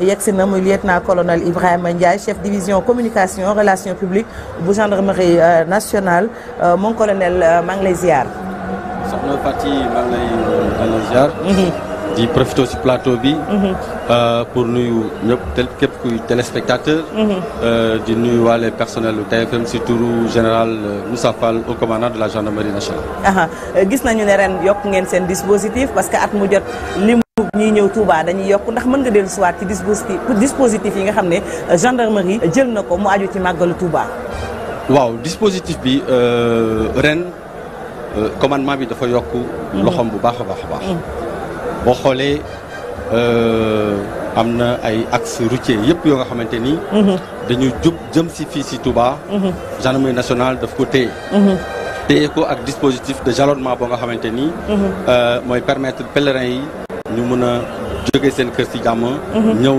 yegsi na muy lieutenant colonel Ibrahima Ndiaye chef division communication relation publiques bu gendarmerie euh, nationale euh, mon colonel euh, maa ngi lay ziar. maa ngi lay ziar. Mhm. di profité ci plateau bi. Mhm. pour nuyu ñëpp tel képp kuy téléspectateur. Mhm. di nuyu waale personnel lu TFM ci turu général Moussa Fall au commandant de la gendarmerie nationale. gis nañu ne yokk ngeen seen dispositif parce que at mu jot ñuy ñëw Touba dañuy yokk ndax mën nga dellu siwaat ci dispositif dispositif yi nga xam ne euh, gendarmerie jël na ko mu aju ci màggalu Touba. waaw dispositif bi euh, ren euh, commandement bi dafa yokk loxoom bu baax a baax a baax mm. xoolee am na ay axe routier yëpp yoo nga xamante ni mm-hmm. dañu jub jëm si fii si Touba mm-hmm. gendarmerie nationale daf ko téye mm-hmm. téye ko ak dispositif de jalonnement boo nga xamante ni mooy permettre pèlerins yi ñu mën a jóge seen kër ci jàmm mhm. ñëw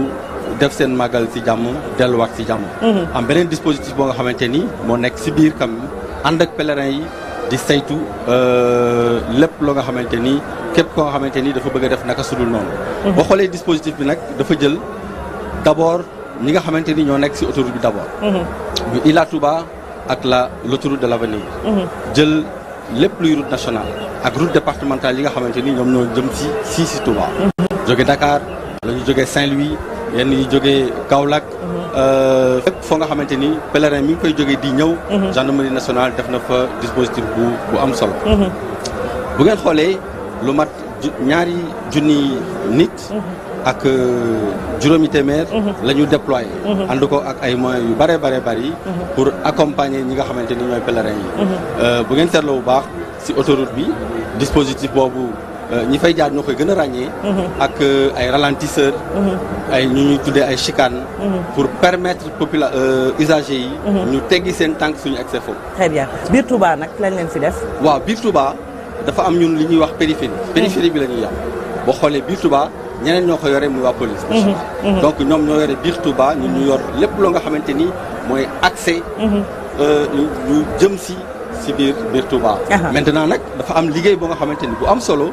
def seen màggal ci jàmm delluwaat ci jàmm mhm. am beneen dispositif boo nga xamante ni moo nekk ci biir kam ànd ak pèlerin yi di saytu euh, lépp loo nga xamante ni képp ko nga xamante ni dafa bëgg def naka sudul noonu mhm. boo xoolee dispositif bi nag dafa jël d'abord ñi nga xamante ni ñoo nekk ci autoroute bi d'abord ñu Ila Touba ak la l'autoroute de l'avenir lépp luy route nationale ak route départementale yi nga xamante ni ñoom ñoo jëm si si si Touba. jóge Dakar la ñu jóge Saint-Louis yenn yi jóge Kaolack. Mhm. Euh, fépp foo nga xamante ni pèlerin mi ngi koy jóge di ñëw. Mhm. gendarmerie nationale def na fa dispositif bu bu am solo. Mhm. bu ngeen xoolee lu mat ñaari junni nit. ak euh, juróomi téeméer mhm. la ñu déployé mhm. ànd ko ak ay moyens yu bare bare bari mhm. pour accompagner ñi nga xamante ni ñooy pèlerins yi euh, bu ngeen seetloo bu baax ci autoroute bi dispositif boobu euh, ñi fay jaar ñoo koy gën a ràññee ak ay ralentisseur ay ñu ñuy tuddee ay chicane pour permettre popula usagers yi ñu teggi seen tànk suñu accès foofu très bien biir Touba nag lañ leen fi def waaw biir Touba dafa am ñun li ñuy wax périphérie périphérie bi la ñuy yàq xoolee biir ñeneen ñoo ko yore muy waa police mhm, mhm. donc ñoom ñoo yore biir Touba ñun ñu yor lépp loo nga xamante ni mooy accès mhm. euh, ñu jëm si si biir biir Touba maintenant nag dafa am liggéey boo nga xamante ni bu am solo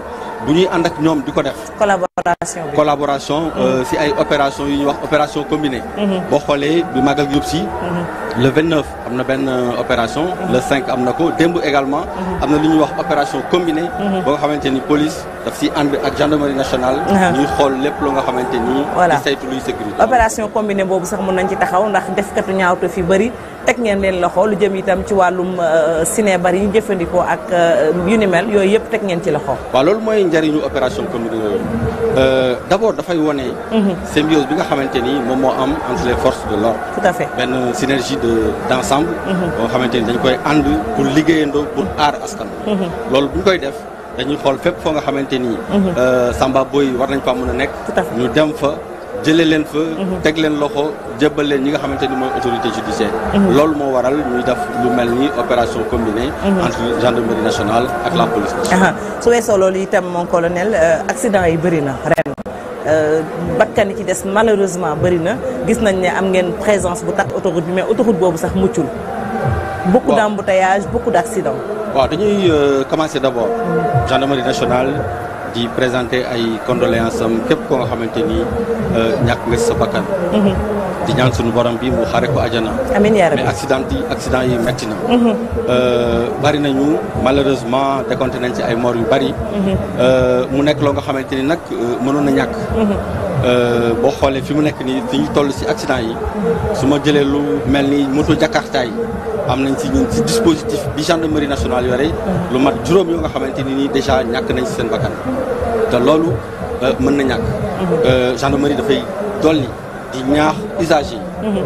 du ñuy ànd ak ñoom di ko def. collaboration bi collaboration euh, mm-hmm. si ay opération yu ñuy wax opération combinée. Mm-hmm. boo xoolee bi màggal gi yëpp si. Mm-hmm. le 29 am na benn euh, opération. le 5 am na ko démb également. am na lu ñuy wax opération combinée. boo nga xamante ni police daf si ànd ak gendarmerie nationale. Uh-huh. ñuy xool lépp lu nga xamante ni. voilà di saytu luy sécurité. opération boobu sax mën nañ ci taxaw ndax defkatu ñaawte fi bëri. teg ngeen leen loxo lu jëm itam ci wàllum sinébar euh, yi ñu jëfandikoo ak euh, yu ni mel yooyu yëpp teg ngeen ci loxo. waaw loolu mooy njëriñu opération commune yooyu euh, dafay wone. Mhm. symbiose bi nga xamante ni moom moo am entre les forces de l'ordre. tout à fait benn synergie de d'ensemble. Mhm. boo xamante ni dañ koy ànd pour liggéeyandoo pour aar askan. Mhm. loolu bu ñu koy def dañuy xool fépp foo nga xamante ni. Samba Boy war nañ fa mën a nekk. ñu dem fa. jëlee leen fa. teg leen loxo jëbbal leen ñi nga xamante ni mooy autorité judiciaire. loolu moo waral ñuy def lu mel ni opération combinée. entre gendarmerie nationale ak la police. su weesoo loolu itam mon colonel euh, accident yi bëri na ren. Euh, bakkan yi ci des malheureusement bëri na gis nañ ne am ngeen présence bu tax autoroute bi mais autoroute boobu sax muccul. beaucoup d'embouteillage beaucoup d'accidents. waaw dañuy euh, commencer d'abord mm. gendarmerie nationale. di présenter ay condoléances am képp ko nga xamante ni euh, ñàkk nga sa bakkan mhm. di ñaan suñu borom bi mu xare ko ajana amiin yaa rabbi mais accident yi accident yi metti na mhm. euh, bari nañu malheureusement décompté nañ ci ay mort yu bari mhm. euh, mu nekk loo nga xamante ni nag mënoon na ñàkk Euh, boo xoolee fi mu nekk nii fi ñu toll si accident yi su ma jëlee lu mel ni moto jakarta yi am nañ si ñun si dispositif bi gendarmerie nationale yore lu mat juróom yoo nga xamante ni nii déjà ñàkk nañ si seen bakkan te loolu euh, mën na ñàkk mhm. euh, gendarmerie dafay dolli di ñaax usagers yi mhm.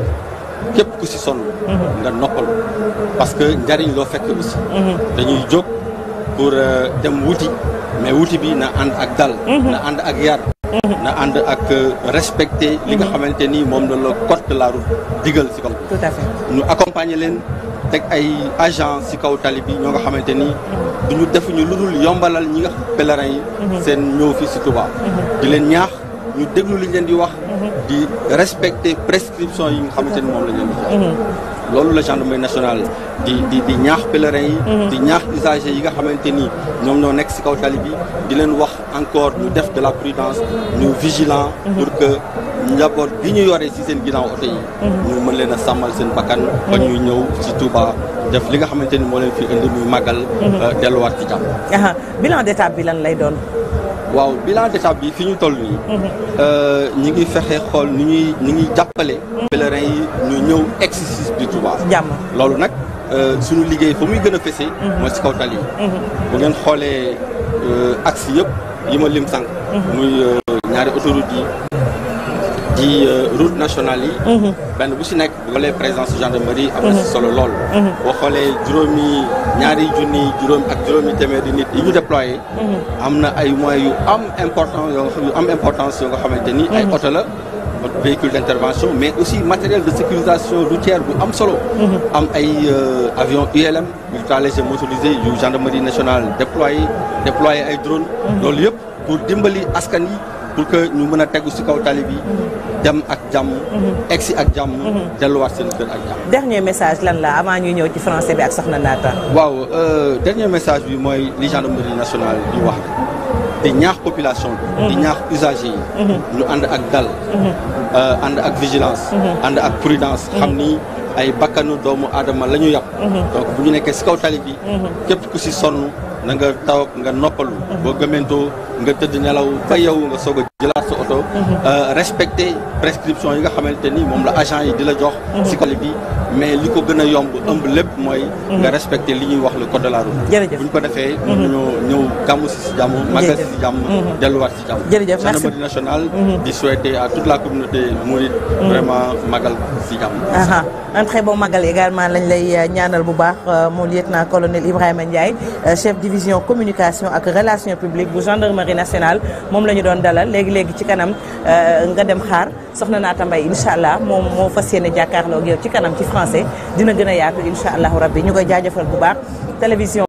képp ku si sonn mhm. nga noppalu parce que njariñ loo fekk aussi dañuy jóg pour dem wuti mais wuti bi na ànd ak dal na ànd ak yar na ànd ak euh, respecter li nga mhm. xamante ni moom la la code de la route digal si kaw. ñu accompagner leen teg ay agent si kaw tali bi ñoo nga xamante ni. Mhm. duñu defuñu lu dul yombalal ñi nga pèlerin yi. Mhm. seen ñëw fi si Touba di leen ñaax. ñu déglu li ñu leen di wax. Mhm. di respecter prescription yi nga xamante ni moom la ñu leen mhm. loolu la gendarmerie nationale di di di ñaax pèlerins yi. Mhm. di ñaax usagers yi nga xamante ni ñoom ñoo nekk ci kaw tali bi di leen wax encore ñu def de la prudence ñu vigilant. pour que njaboot bi ñu yoree si seen ginnaaw oto yi. ñu mën leen a sàmmal seen bakkan. ba ñuy ñëw ci Touba def li nga xamante ni moo leen fi indi muy màggal. Euh, delluwaat ci jàmm. bilan d'étape bi lan lay doon. waaw bilan d'étape yi fi ñu toll nii. Euh, ñi ngi fexe xool ni ñuy ni ñuy jàppale. pèlerins yi ñu ñëw exercice du Touba. jàmm loolu nag euh, suñu liggéey fa muy gën a fese. Mhm. mooy si kaw tali yi. Mhm. ngeen xoolee euh, axes yëpp yi ma lim sànq. Mhm. muy ñaari autoroute di euh, route nationale yi. Mhm. benn bu si nekk bu xoolee présence gendarmerie. am na si mhm. solo lool. Mhm. boo xoolee juróomi ñaari junni juróom ak juróomi téeméeri nit yi ñu déployé. am na ay moyens yu am important yu am importance yoo nga xamante ni. ay oto la. véhicule d'intervention mais aussi matériel de sécurisation routière bu am solo am ay euh, avion ULM ultra léger motorisé yu gendarmerie nationale déployé déployé ay drone loolu yëpp pour dimbali askan yi pour que ñu mën a tegu ci kaw tali bi dem ak jàmm. Mhm. egsi ak jàmm. Mhm. delluwaat seen kër ak jàmm. dernier message lan la avant ñuy ñëw ci français bi ak soxna Naata. waaw euh, dernier message bi mooy li gendarmerie nationale di wax di ñaax population bi. di mhm. ñaax usagers yi. ñu ànd ak dal. Euh, ànd ak vigilance. ànd ak prudence xam ni. ay bakkanu doomu aadama la ñu yàpp donc bu ñu nekkee ci kaw tali képp ku ci sonn na nga taw nga noppalu boo gëmentoo nga tëdd nelaw ba yow nga soog a jëlaat sa oto mhm. euh, respecter prescription yi nga xamante ni moom la agent yi di la jox mhm. si kali bi mais li ko gën a yomb ëmb mhm. li ñuy wax le code la route bu ñu ko defee mën nañoo ñëw gàmmu si si jàmm màggal si si jàmm delluwaat si jàmm jërëjëf gendarmerie nationale di souhaiter à toute la communauté division communication ak relation publique bu gendarmerie nationale moom la ñu doon dalal léegi léegi ci kanam euh, nga dem xaar soxna Naata Mbaye incha allah moom moo fas yéene jàkkaarloo ak yow ci kanam ci français dina gën a yaatu incha allahu yi ñu koy jaajëfal bu baax télévision.